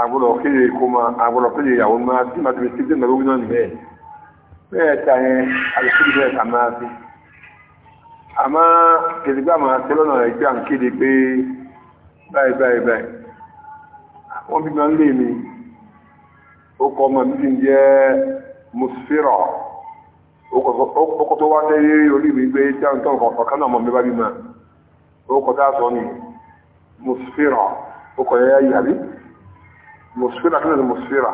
àgbọ̀dọ̀ kéde ìkómọ àgbọ̀dọ̀ kéde ìyàwó máa tí màá ti mistake dènà lóhùn náà nìyẹn bẹ́ẹ̀ ta yẹn àlùfíì bẹ́ẹ̀ ta máa fi àmọ́ kèdègbà máa tẹ́ lọ́nà ìgbà ń kéde pé báyìí báyìí báyìí wọ́n bí máa ń lé mi o kọ ọmọ mi ń jẹ́ musfira ó kọ tó wá tẹ́ yé orí mi gbé jáǹtọ́ ọ̀kan náà mọ̀ mi bá bí ma ó kọ tá a sọ ni musfira ó kọ yẹ́ yà bí musfira kí ni musfira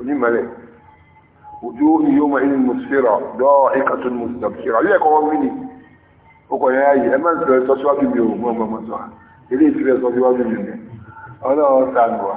onímọ̀lẹ̀ ojú yóò máa ní musfira dọ́ọ̀ ikàtún mustabshira ilé ẹ̀kọ́ wọn ní ó kọ yẹ́ yà ẹ máa ń sọ síwájú mi ò mọ̀ mọ̀ mọ̀ sọ ilé ìfẹ́ sọ síwájú mi ọlọ́ọ̀ sàlùwà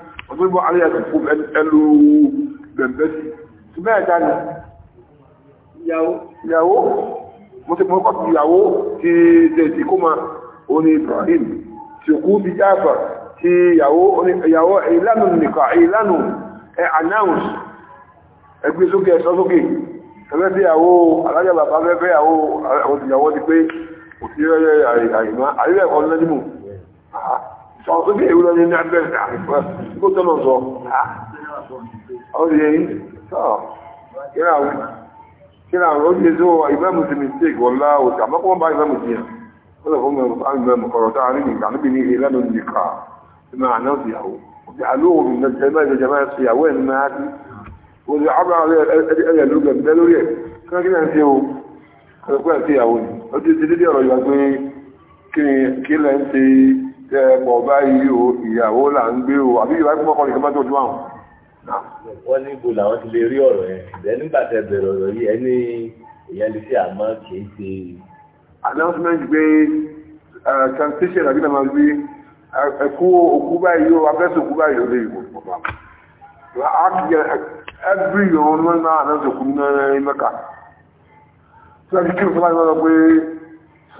ọdún bọ́ alẹ́ ẹ̀sìn fún ẹlú bẹ̀m̀bẹ̀ sí tí bẹ́ẹ̀ dá ní ìyàwó mo ti mọ́kọ̀ sí ìyàwó ti dẹ̀sí kó máa ó ní Ibrahim tí ó kú bí jáfà tí ìyàwó ìlànà nìkan ìlànà ẹ̀ announce ẹgbẹ́ sókè ẹ̀sọ́ sókè ẹgbẹ́ sí ìyàwó alájà bàbá fẹ́fẹ́ ìyàwó ìyàwó ti pé òsì rẹ̀ àìmá àríwẹ̀ ẹ̀kọ́ lẹ́dìmù ọ̀sọ́ bí èwúrọ̀ ní abẹ́rẹ́ kó tọ́nà sọ ọ̀rẹ́ yìí tọ́ kíra àwọn ó yẹ tó ìbámu ti mistake wọ́n láwọ́ tí àmọ́ kọ́wọ́n bá ìbámu ti yàn ó lọ fún mẹ́rin fún mẹ́rin kọ̀rọ̀ tá a rí nìkan níbi ní ilé lọ́nà nìka tí máa náà sí ìyàwó òkè àlóhùn ní ẹgbẹ́ ìjọba máa sí ìyàwó ẹ̀ máa sí ó lè ábà ẹ̀pọ̀ báyìí o ìyàwó là ń gbé o àbí ìwà ìpínlẹ̀ ọkọ̀ nìkan tó dún àwọn. wọ́n ní ibo làwọn ti lè rí ọ̀rọ̀ yẹn ṣùgbọ́n nígbà tẹ bẹ̀rẹ̀ ọ̀rọ̀ yìí ẹni èèyàn lè ṣe àmọ́ kì í ṣe. announcement gbé transition àbí nàmà gbé ẹkú òkú báyìí o abẹ́sẹ̀ òkú báyìí o lè yìí kò pọ̀ every year wọn máa ń announce òkú ní mẹ́ka. sọ́dọ̀ kí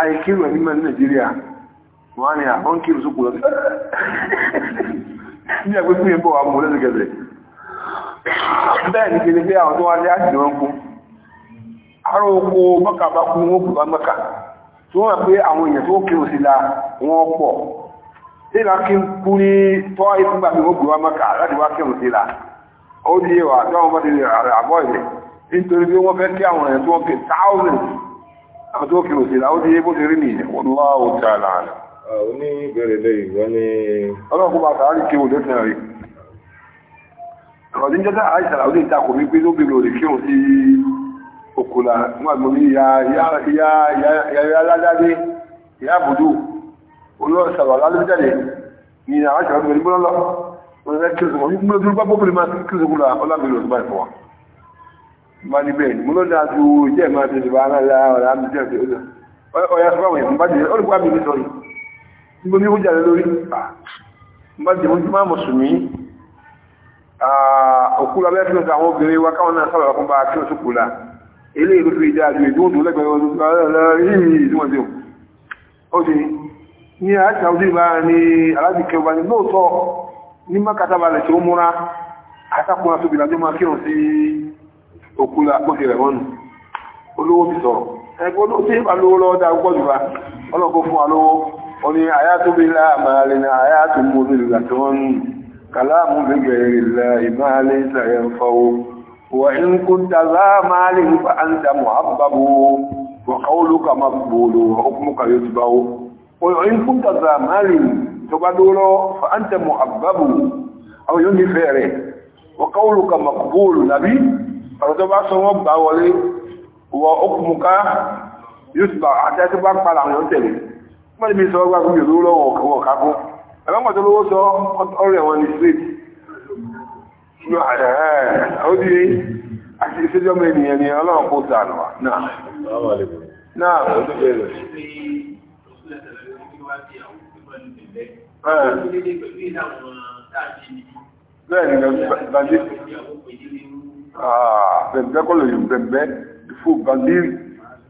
àìkírò ní mẹ́rin Nàìjíríà wọ́n ni àwọn kírò sókò lọ́dún ní ẹgbẹ́ fún ẹgbọ́ àwọn olóòrùn gẹ̀ẹ́sẹ̀ bẹ́ẹ̀ ni kìí pé àwọn tó wá ní àjìdì wọn kú ará oko mọ́ka bá kú wọn kù bá mọ́ka tí wọ́n pé àwọn èèyàn tó kírò sí la wọ́n pọ̀ tí ìlà kí ń kú ní tọ́ ìfúngbà mi wọ́n kù bá mọ́ka láti wá kírò sí la ó di ẹwà tó àwọn ọmọdé àbọ̀ ìlẹ̀ nítorí pé wọ́n fẹ́ kí àwọn èèyàn tó wọ́n kí thousands àtúnkì òsì láwọ́ ti yé bó ti rí ní wallahu ta'ala àwọn ní ìbẹ̀rẹ̀ lẹ́yìn wọ́n ní ọlọ́pùpá sàárì kí o lè tẹ̀rẹ̀ rí ọ̀dí jẹ́ta àìsàrà ó lè takò mí pé ló bèèrè lè kírun sí òkúlà nígbàgbọ́ ní ìyá aládádé ìyá àbùdó olóòsàrà aládádé ní àwọn àìsàrà ó lè gbọ́nlọ́ ma ní bẹ́ẹ̀ ni mo ló dáa ju ìjẹ́ máa ti ṣùgbọ́n aláàlá ọ̀rẹ́ àmì jẹ́ òkè ọjà ọ̀yà sọ́pọ̀ àwọn èèyàn bá jẹ́ olùkọ́ àmì nìtọ́ yìí tí mo ní ó jàre lórí bá jẹ́ ojú máa mùsùlùmí òkú lọ bẹ́ẹ̀ fílẹ̀ àwọn obìnrin wa káwọn náà sọ̀rọ̀ fún bá kí wọ́n sókù la ilé ìlú fi dáa ju ìdúndù lẹ́gbẹ̀ẹ́ ọdún máa kírun sí òkúlẹ̀ àpọ́jẹ̀ rẹ̀ wọ́n nù olówó mi sọ̀rọ̀ ẹgbẹ́ olówó tí ìbá lówó lọ́wọ́ dáa gbọ́jù bá ọlọ́kọ́ fún wa lówó ó ní àyàtúbí láàmàlẹ́ ní àyàtúmú olùlà tí wọ́n nù kàláàmù gbẹ̀gẹ̀rẹ̀ ilẹ̀ ìmáàlẹ́ ìsàyẹ̀ ń fọwọ́ wà ń kú tàzá máàlẹ́ nípa àǹtà àwọn yóò ní fẹ́ rẹ̀ wà káwọ́lù kà má ọ̀rọ̀ tó bá sọ wọ́n gbà wọlé wọ okùnmùká yóò sì bá àti ẹtí bá padà àwọn yóò tẹ̀lé wọ́n ti bí sọ wọ́n gbà fún yòó lọ́wọ́ ọ̀kọ̀ kákó ẹ̀rọ tó lówó sọ ọ̀rọ̀ ẹ̀wọ̀n ní street ó di àti ìṣèjọba ènìyàn ni ọlọ́run kó sànù wa náà. bàjẹ́ Ah, bẹ̀bẹ̀ kọ́ lè yùn bẹ̀bẹ̀ fún bàndírì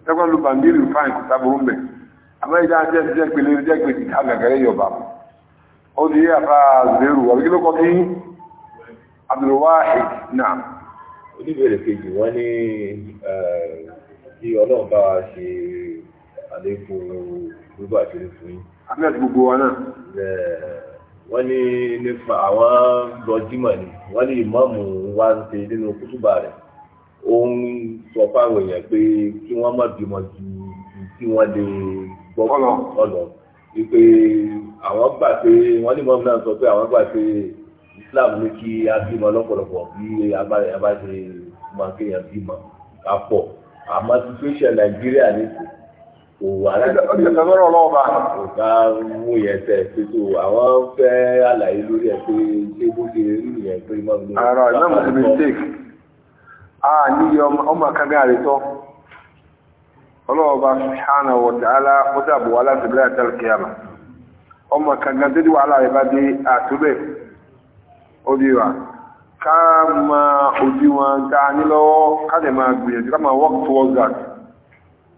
tẹ́kọ́ lu bàndírì fáìn kò sábò ń bẹ̀ amẹ́yìdá jẹ́ jẹ́ pèlè jẹ́ pèlè ìta gàgẹ́rẹ́ yọba ó di àfà zero àbí kí ló kọ́ kí abdulwahid náà. oníbèrè kejì wọ́n ní kí ọlọ́run bá wa ṣe àlékún gbogbo àṣírí fún yín. amẹ́ àti gbogbo wa náà wọ́n ní nípa àwọn gbọ́jímọ̀ ni wọ́n ní ìmọ̀ọ̀mù wa ń ṣe nínú kútùbà rẹ̀ ó ń sọ fáwọn èèyàn pé kí wọ́n má bímọ ju kí wọ́n lè gbọ́ ọ̀lọ́ wípé àwọn gbà pé wọ́n ní ìmọ̀ọ̀mù náà sọ pé àwọn gbà pé Islam ní kí a bímọ lọ́pọ̀lọpọ̀ bí abáṣe máa kéèyàn bímọ ká pọ̀ àmọ́ situation Nàìjíríà nìkan ọ̀rọ̀ ọlọ́ọ̀bà. ọ̀gá mú yẹn tẹ̀ títú àwọn fẹ́ àlàyé lórí ẹ̀ pé ṣé bó ṣe rí yẹn pé mọ́ mi. ara ìmọ̀ mi ti mistake a níye ọmọ dédé wàhálà rẹ̀ bá dé àtúbẹ̀ ká máa ká lè máa gbìyànjú ká máa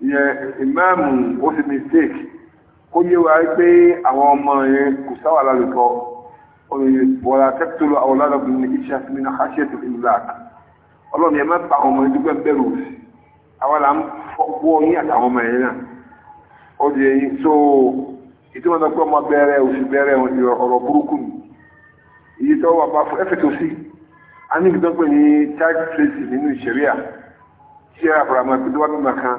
yẹ ìmáàmù ó fi mistake kó yé wa pé àwọn ọmọ yẹn kò sáwà lálùkọ wọ́la tẹ́kítọ́lù àwọ̀lọ́dọ̀gbìn ní iṣẹ́ àfihàn náà ṣe tó ìlàk ọlọ́run yẹn mẹ́ta àwọn ọmọ ẹdúgbẹ́ bẹ̀rù àwọn là ń fọwọ́ yín àtàwọn ọmọ yẹn náà ó di ẹyin tó ìtumọ̀ náà pé ọmọ bẹ̀rẹ̀ oṣù bẹ̀rẹ̀ ọ̀rọ̀ burúkú ni iye tó wà bá fún ẹ̀fẹ̀ tó sí a ní ìdọ́gbẹ̀ ní child tracing nínú ìṣẹ̀ríà ṣíṣe àfàràmọ́ ìpínlẹ̀ wàmí màkan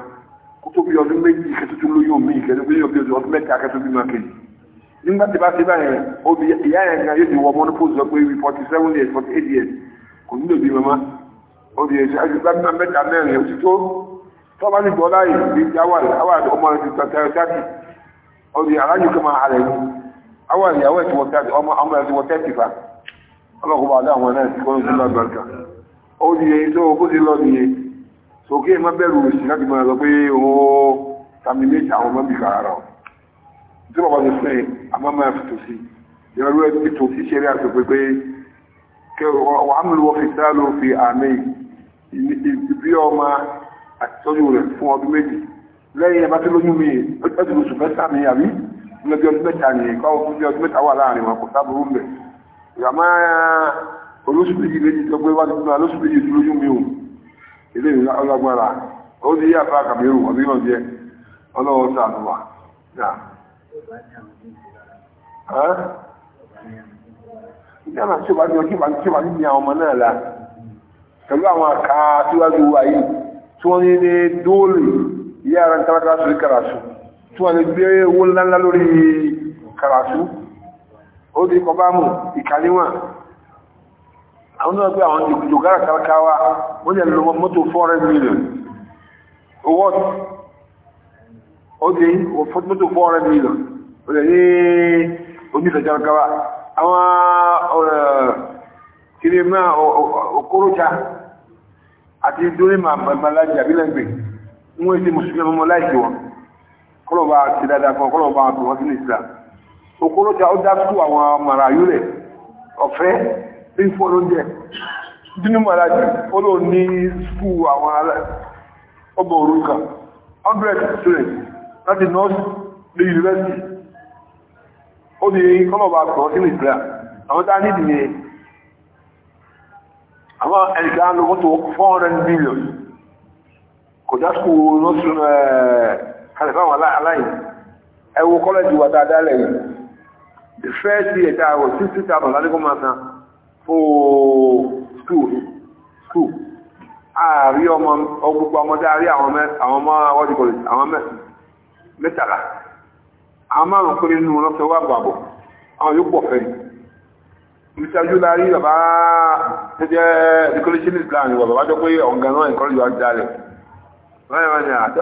kó tó bí ọdún méjì kẹtùtù lóyún mi kẹtùtù bí ọdún mẹ́ta kẹtùtù bí máa kéde nígbà tí bá ti bá yẹn obì ìyá yẹn kan yóò ti wọ monopose sọ pé wí forty seven years forty eight years kò nílò bí mama obì yẹn ṣáájú bá mi mẹ́ta mẹ́rin ó ti tó tọ́ba ní gbọ́ láyé bí awà awà ọmọ rẹ ti tàtàrẹ sáàtì obì aláàjù kan máa halẹ̀ ní awà ìyàwó ẹ̀ ti wọ tẹ́tì ọmọ ọmọ ẹ̀ ti wọ tẹ́tì fa ọlọ́kùnrin bá dá àwọn náà ti kọ́ ní sílá gbàgbà obì yẹn tó o kó ti lọ nìyẹn sókè má bẹ̀rù òsì láti máa lọ pé owó tàbí méjì àwọn ọmọ bìkà ara tí bàbá ti fẹ́ àmọ́mọ́ ẹ̀fẹ̀tò sí ìrọ̀lú ètò sí ṣeré àti pé pé wà á mìlú wọ́fẹ̀ dá ló fi àmì ìbí ọmọ àtọ́jú rẹ̀ fún ọdún méjì lẹ́yìn ẹ̀bá tí lóyún mi ẹ̀tù lóṣù mẹ́ta mi àbí lọ́bí ọdún mẹ́ta ni ẹ̀kọ́ ọdún bí ọdún mẹ́ta wà láàrin wọn kò sábúrú mẹ́ ìgbà máa olóṣù méjì méjì tó gbé wá lóṣù méjì tó lóyún mi òun ilé ìrìnà ọlọ́gbọ́ra ó ní yí àfá kàmírù ọdún yóò jẹ́ ọlọ́wọ́ sàánúwà náà ìjọba tí ó bá ní ọjọ́ ìbá tí ó bá ní ní àwọn ọmọ náà la pẹ̀lú àwọn àká tí wá ju wáyé tí wọ́n ní ní dóòlì ìyá ara ń kálákálá sórí kàràsù tí wọ́n lè gbé owó ńláńlá lórí kàràsù ó di kọbámù ìkàníwọ̀n àwọn náà pé àwọn ìjògára kárkáwá wọ́n jẹ́ lọ mọ́tò 400 million owó ọdí mọ́tò 400 million ó lè ní onífẹ̀ kárkáwá àwọn kiri máa okorocha àti dórí màlájì àbílẹ̀gbẹ̀ wọ́n èsì mùsùlùmí ọmọ láìsí wọn kọ́lọ̀bá ti dáadáa kan kọ́lọ̀bá àtùwọ́n sí ní ìsìlá ìfọ́ ló jẹ́ dínú mọ̀lájì ó ní skúù àwọn ọmọ òrùka 100 students láti north the university ó di kọlọ̀bà kọ̀ sínú ìgbà àwọn tá nídìí ni àwọn ẹ̀ríkà lọ́wọ́ tó 400 billion kò já skúù lọ́sùn the first year tá a wọ̀ 60,000 school skul a ọmọ ọgbogbo ọmọdé àrí àwọn ọmọ wọ́dìkọ̀lẹ̀ àwọn mẹ́tàlá àwọn márùn péré nínú wọn fẹ́ wà bàbọ̀ àwọn yóò pọ̀ fẹ́ ìṣájú láàrí bàbá tó jẹ́ education plan wà bàbá jọ pé ọ̀gá náà